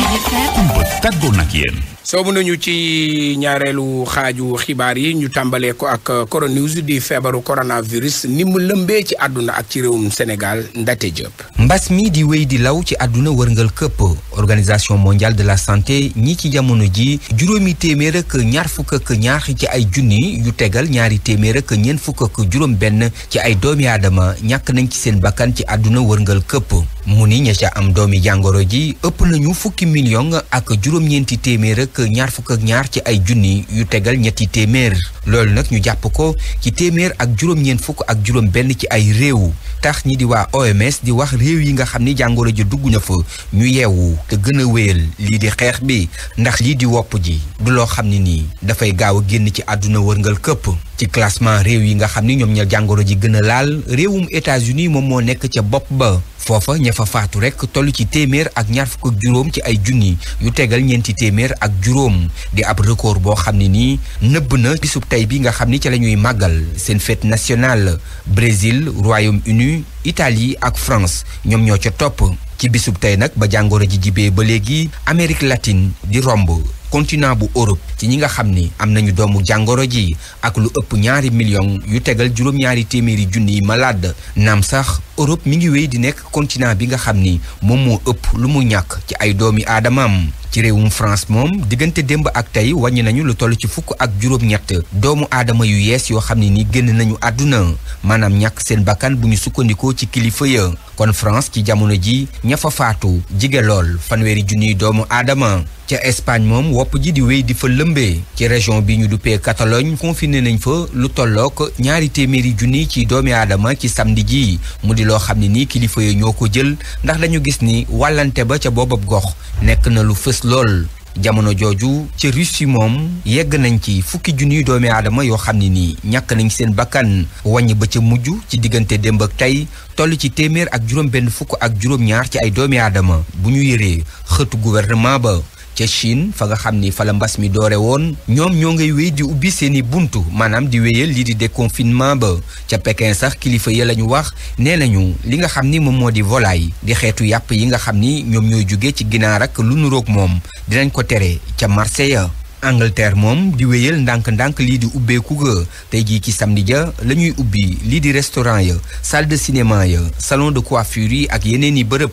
RFM. nag yéen. soobu ñu ci ñaareelu xaaju xibaar yi ñu tàmbalee ko ak coronews di feebaru coronavirus ni mu lëmbee ci àdduna ak ci réewum Sénégal Ndate Diop. mbas mi di wéy di law ci àdduna wërngal këpp organisation mondiale de la santé ñi ci jamono ji juróomi téeméer ak ñaar fukk ak ñaar ci ay junni yu tegal ñaari téeméer ak ñeent fukk ak juróom benn ci ay doomi aadama ñàkk nañ ci seen bakkan ci àdduna wërngal këpp mu ni ña ca am doomi jàngoro ji ëpp nañu fukki million ak juróom téeméer ak ñaar fukk ak ñaar ci ay junni yu tegal ñetti téeméer loolu nag ñu jàpp ko ci téeméer ak juróom-ñeent fukk ak juróom benn ci ay réew tax ñi di waa OMS di wax réew yi nga xam ni jàngoro ji dugg na fa ñu yeewu te gën a wéyal lii di xeex bi ndax lii di wopp ji du loo xam ne nii dafay gaaw a génn ci àdduna wërngal këpp ci classement réew yi nga xam ni ñoom ña jàngoro ji gën a laal réewum États-Unis moom moo nekk ca bopp ba foofa ña fa faatu rek toll ci téeméer ak ñaar fukk ak juróom ci ay junni yu tegal ñeenti téeméer ak juróom di ab record boo xam ne nii nëbb na bisub tey bi nga xam ni ca lañuy màggal seen fête nationale Brésil Royaume-Uni Italie ak France ñoom ñoo ca topp ci bisub tey nag ba jàngoro ji jibee ba léegi Amérique latine di romb continent bu Europe ci ñi nga xam ni am nañu doomu jàngoro ji ak lu ëpp ñaari million yu tegal juróom-ñaari téeméeri junniy malade naam sax Europe mi ngi wéy di nekk continent bi nga xam ni moom moo ëpp lu mu ñàkk ci ay doomi aadamaam ci réewum France moom diggante démb ak tey wàññi nañu lu toll ci fukk ak juróom-ñett doomu aadama yu yees yoo xam ne ni génn nañu àdduna maanaam ñàkk seen bakkan bu ñu sukkandikoo ci kilifa ya kon France ci jamono ji ña fa jige lool fanweeri junniy doomu aadama ca Espagne moom wopp ji di wéy di fa lëmbee ci région bi ñu duppee Catalogne confiné nañ fa lu tolloo ko ñaari téeméeri junni ci doomi aadama ci samedi ji mu di loo xam ne nii kilifa yi ñoo ko jël ndax dañu gis ni wàllante ba ca boobab gox nekk na lu fës lool jamono jooju ca Russie moom yegg nañ ci fukki junniy doomi aadama yoo xam ne nii ñàkk nañ seen bakkan wàññ ba ca mujj ci diggante démb ak tey toll ci téeméer ak juróom benn fukk ak juróom ci ay doomi aadama bu ñu yëree xëtu gouvernement ba ca Chine fa nga xam ni fa mbas mi doore woon ñoom ñoo ngay wéy di ubbi seeni buntu maanaam di wéyal lii di déconfinement ba ca Pékin sax kilifa ya la ñu wax nee nañu li nga xam ni moom moo di volaille di xeetu yàpp yi nga xam ni ñoom ñooy jóge ci ginaar ak lu nuroog moom dinañ ko tere ca ya Angleterre moom di wéyal ndànk-ndànk lii di ubbeeku ga tey jii ci samedi ja la ñuy ubbi lii di restaurant ya salle de ya salon de coiffure yi ak yeneen i bërëb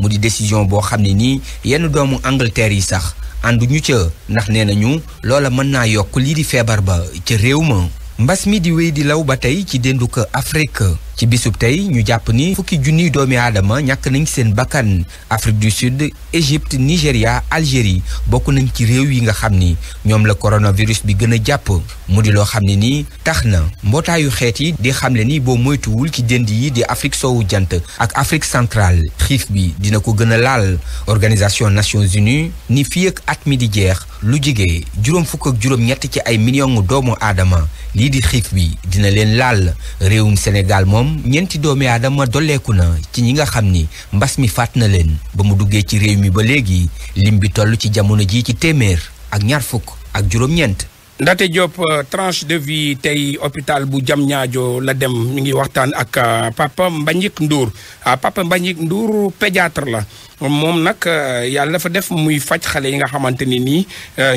mu di décision boo xam ne nii yenn doomu Angleterre yi sax àndu ñu ca ndax nee nañu loola mën naa yokk lii di feebar ba ca réew ma mbas mi di wéy di law ba tey ci déndu ko Afrique ci bisub tey ñu jàpp ni fukki junniy doomi aadama ñàkk nañ seen bakkan Afrique du Sud Égypte Nigéria Algérie bokk nañ ci réew yi nga xam ni ñoom la coronavirus bi gën a jàpp mu di loo xam ne nii tax na mbootaayu xeet yi di xamle ni boo moytuwul ci dënd yi di Afrique sowu jant ak Afrique centrale xiif bi dina ko gën a laal organisation Nations Unies ni fii ak at mi di jeex lu jigee juróom fukk ak ñett ci ay millions doomu aadama lii di xiif bi dina leen laal réewum Sénégal moom ñeenti doomi aadama dolleeku na ci ñi nga xam ni mbas mi faat na leen ba mu duggee ci réew mi ba léegi lim bi toll ci jamono jii ci téeméer ak ñaar fukk ak juróom-ñeent. Ndate Diop euh, tranche de vie tey hôpital bu Diamniadio la dem mu ngi waxtaan ak euh, Papa Mbagnick Ndour euh, Papa Mbagnick Ndour pédiatre la moom nag yàlla dafa def muy faj xale yi nga xamante ni nii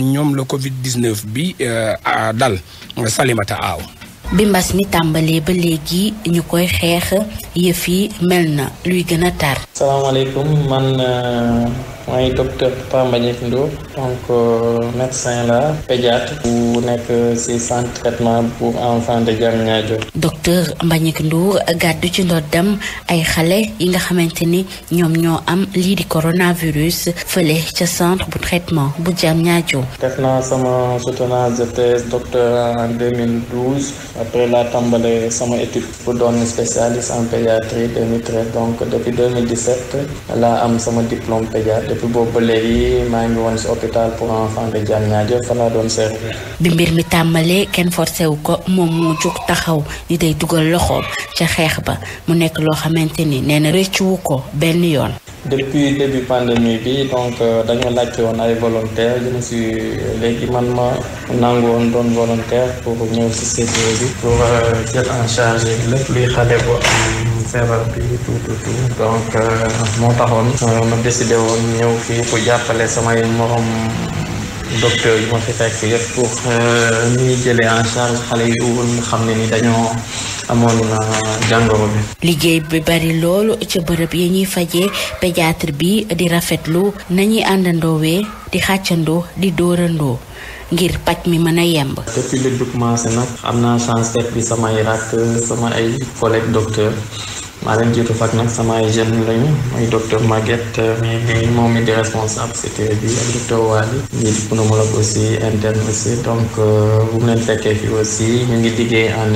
ñoom la Covid 19 bi dal Salimata Aw. bi mbas mi tàmbalee ba léegi ñu koy xeex yëf yi mel na luy gën a tar. salaamaaleykum man. Euh, mooy docteur Papa Mbagnick Ndour donc euh, médecin la pédiatre bu nekk ci centre traitement pour enfants de Diamniadio docteur Mbagnick Ndour gàddu ci ndoddam ay xale yi nga xamante ni ñoom ñoo am lii di coronavirus fële ca centre bu traitement bu Diamniadio def naa sama soutenance de thèse doctorat en 2012 après la tàmbale sama étude pour doon spécialiste en pédiatrie 2013 donc depuis 2017 laa am sama diplôme pédiatre depuis boobu ba léegi maa ngi woon si hôpital pour enfants de Diamniadio fa doon seet. bi mbir mi tàmbalee kenn forcé ko moom mu jug taxaw di day dugal loxoom ca xeex ba mu nekk loo xamante ni nee na ko benn yoon. depuis début pandémie bi donc euh, dañoo laajte woon ay volontaires je me euh, léegi man ma nangu woon doon volontaire pour ñëw si CDE bi. pour euh, jël en charge lépp luy xale bu feebar bi tout tout tout donc euh, moo taxoon euh, ma décidé woon ñëw fii pour jàppale samay morom docteur yi ma fi fekk yëpp pour euh, ñuy jëlee en charge xale yu xam ne ni dañoo amoon jàngoro bi. liggéey bi bari loolu ca bërëb yi ñuy fajee pédiatre bi di rafetlu nañuy àndandoowee di xàccandoo di doorandoo ngir paj mi mën a yemb. depuis le bi commencé nag am na chance fekk bi samay rakk sama ay collègue docteur maa leen jiitu fak nag samay jeune lañu mooy docteur Maguette euh, mais mais moom mi di responsable CTE bi ak docteur Wali ñi di pneumologue aussi interne aussi donc euh, bu mu leen fekkee fii aussi ñu ngi liggéey en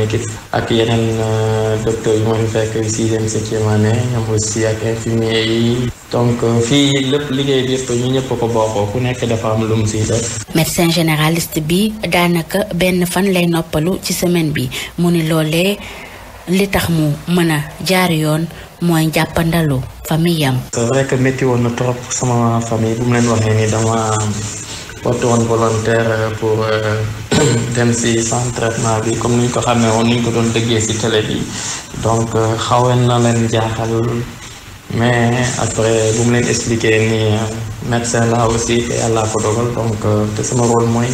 ak yeneen euh, docteurs yi moo fi fekk sixième septième année ñoom aussi ak infirmier yi donc fii lépp liggéey bi yëpp ñu ñëpp ko bokkoo ku nekk dafa am lu mu siy def. médecin généraliste bi daanaka benn fan lay noppalu ci semaine bi mu ni loolee. li tax mu mën a jaar yoon mooy jàppandalu famille am. c'est vrai woon na trop sama famille bu mu leen waxee nii dama watu woon volontaire pour euh, dem si sans traitement bi comme ni ñu ko xamee woon ni ñu ko doon déggee si télé bi donc euh, xawoon na leen jaaxal mais après bu mu leen expliquer ni euh, médecin la aussi te yàlla ko dogal donc te sama rôle mooy.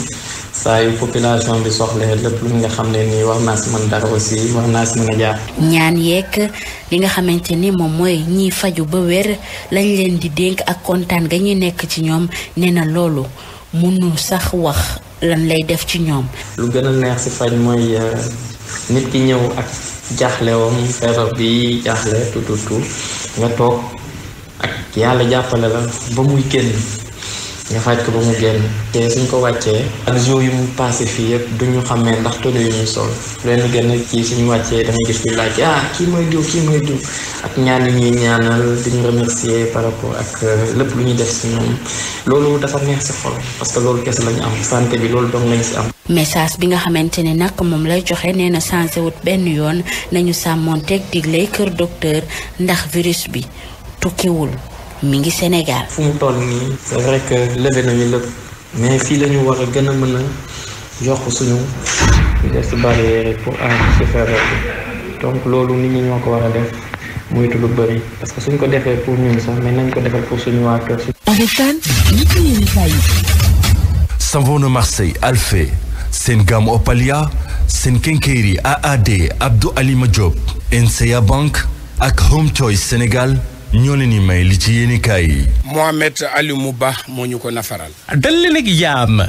saa yu population bi soxlee lépp lu nga xam ne nii war naa si mën dara aussi war naa si mën ñaan yeeg li nga xamante ni moom mooy ñiy faju ba wér lañ leen di dénk ak kontaan ga ñuy nekk ci ñoom nee na loolu mënul sax wax lan lay def ci ñoom. lu gën a neex si faj mooy euh, nit ki ñëw ak jaaxle woon feebar bi jaaxle tut nga toog ak yàlla jàppale la ba muy génn. ñu faj ko ba mu génn te suñ ko wàccee ak jour yu mu passé fii yëpp duñu xamee ndax tonne yu ñuy sol leen génn ci suñu wàccee dangay gis kuy laaj ah kii mooy diw kii mooy diw ak ñaan yi ñuy ñaanal di ñu remercier par rapport ak euh, lépp lu ñuy def si ñoom loolu dafa neex si xol parce que loolu kese lañu am santé bi loolu dong lañ si am. message bi nga xamante ne nag moom lay joxe nee na changé wut benn yoon nañu sàmmoon sàmmoonteeg digley kër docteur ndax virus bi tukkiwul. mi ngi Sénégal. fu mu toll nii c'est vrai que levé nañu lépp mais fii la ñu war a gën a mën a yokk suñu geste barrière pour aar ci feebar donc loolu nit ñi ñoo ko war a def moytu lu bëri parce que suñ ko defee pour ñun sax mais nañ ko defal pour suñu waa kër. Savon Marseille Alfé seen gamme Opalia seen kenkeyri AAD Abdou Alima Diop NCA Bank ak Home Choice Sénégal. ñoo leen di may li ci yéenekaay yi. Mohamed mu Ba moo ñu ko nafaral. dal leen ak jaam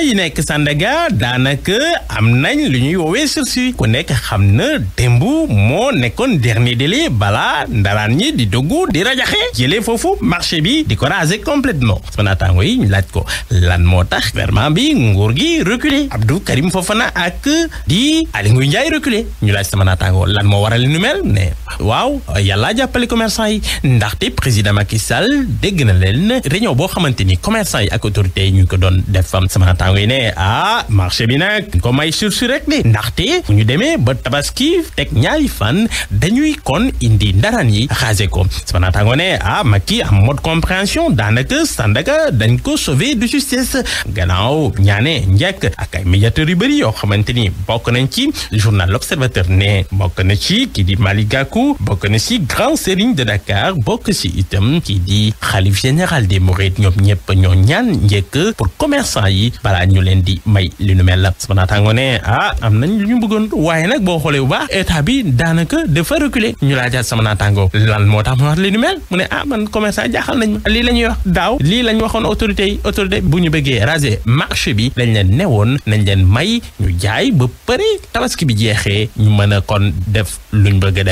yi nekk Sandaga daanaka am nañ lu ñuy woowee sursis ko nekk xam na démb moo nekkoon dernier délai balaa ndaraan ñi di dugg di rajaxe jëlee foofu marché bi di ko raser complètement sama yi ñu laaj ko lan moo tax gouvernement bi nguur gi reculé Abdou Karim Fofana ak di Aly Ngouille Ndiaye reculé ñu laaj sama naataango lan moo waral nu mel ne waaw yàlla jàppale ndaxte président Macky Sall dégg na leen réunion boo xamante ni commerçant yi ak autorité yi ñu ko doon def sama naataango yi ne ah marché bi nag ko may sursu rek de ndaxte bu ñu demee ba tabaski teg ñaari fan dañuy kon indi ndaraan yi xaase ko sama naataango ne ah am mode compréhension daanaka Sandaga dañ ko sauver de justice gannaaw ñaane njëkk ak ay médiateurs yu bëri yoo xamante ni bokk nañ ci journal L'Observateur ne bokk na ci kii di Grand Serigne de Dakar Dakar bokk ci itam kii di xalif général des Mourides ñoom ñëpp ñoo ñaan njëkk pour commerçant yi balaa ñu leen di may li nu mel la sama naataango ne ah am nañ lu ñu bëggoon waaye nag boo xoolee bu baax état bi daanaka dafa reculer ñu laajaat sama naataango lan moo tax ma wax li nu mel mu ne ah man commerçant jaaxal nañ ma lii la ñuy wax daaw lii la ñu waxoon autorité yi autorité bu ñu bëggee raser marché bi lañ leen newoon nañ leen may ñu jaay ba pare tabaski bi jeexee ñu mën a kon def luñ bëgg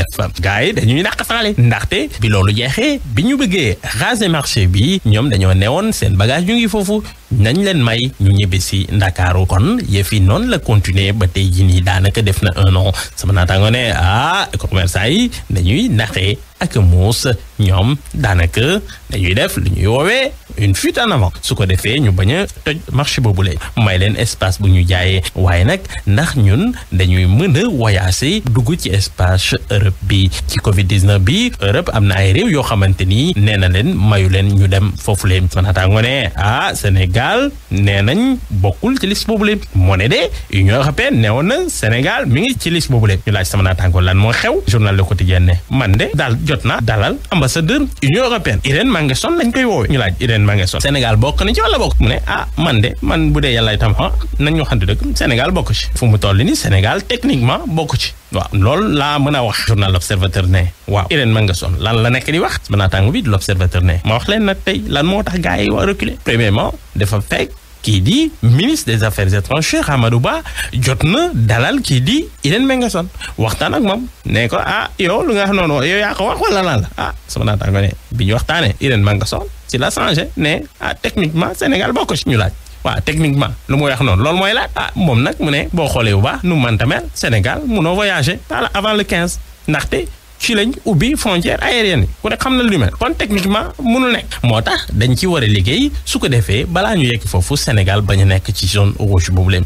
loolu jeexee bi ñu bëggee raser marché bi ñoom dañoo newoon seen bagage ñu ngi foofu nañ leen may ñu ñibbi si ndakaaru kon yëf yi noonu la continuer ba tey jii nii daanaka def na un an sama naataango ne ah commerçant yi dañuy naxee ak muus ñoom daanaka dañuy def lu ñuy woowee une fuite en avant su ko defee ñu bañ a toj marché boobule may leen espace bu ñu jaayee waaye nag ndax ñun dañuy mën a wayaase dugg ci espace Europe bi ci Covid 19 bi Europe am na ay réew yoo xamante ni nee na leen mayu leen ñu dem foofu leen man xataango ne ah Sénégal nee nañ bokkul ci boobu boobule moo ne de Union européenne nee woon na Sénégal mi ngi ci liste boobule ñu laaj sama naataango lan moo xew journal Le Quotidien ne man de daal jot na dalal ambassadeur Union européenne man maa ngay sol Sénégal bokk na ci wala bokk mu ne ah man de man bu dee yàlla itam ah nañ waxante dëgg Sénégal bokk ci fu mu toll ni Sénégal techniquement bokk ci waaw loolu laa mën a wax journal l'observateur ne waaw Irène Mangasson lan la nekk di wax sama naataango bi l'observateur ne ma wax leen nag tey lan moo tax gars yi waa reculer premièrement dafa fekk kii di ministre des affaires étrangères Amadou Ba jot na dalal kii di Irène Mangasson waxtaan ak moom ne ko ah yow lu nga xam noonu yow yaa ko wax wala lan la ah sama ci la changé ne ah techniquement Sénégal bokk ci ñu laaj waaw techniquement lu mu wax noonu loolu mooy laaj ah moom nag mu ne boo xoolee bu baax nu manta mel Sénégal munoo voyager par avant le quinze ndaxte ci lañ ubbi frontière aérienne yi ku ne xam na lu mel kon techniquement munu nekk moo tax dañ ci war liggéey su ko defee balaa ñu yegg foofu Sénégal bañ a nekk ci zone rouge boobu leen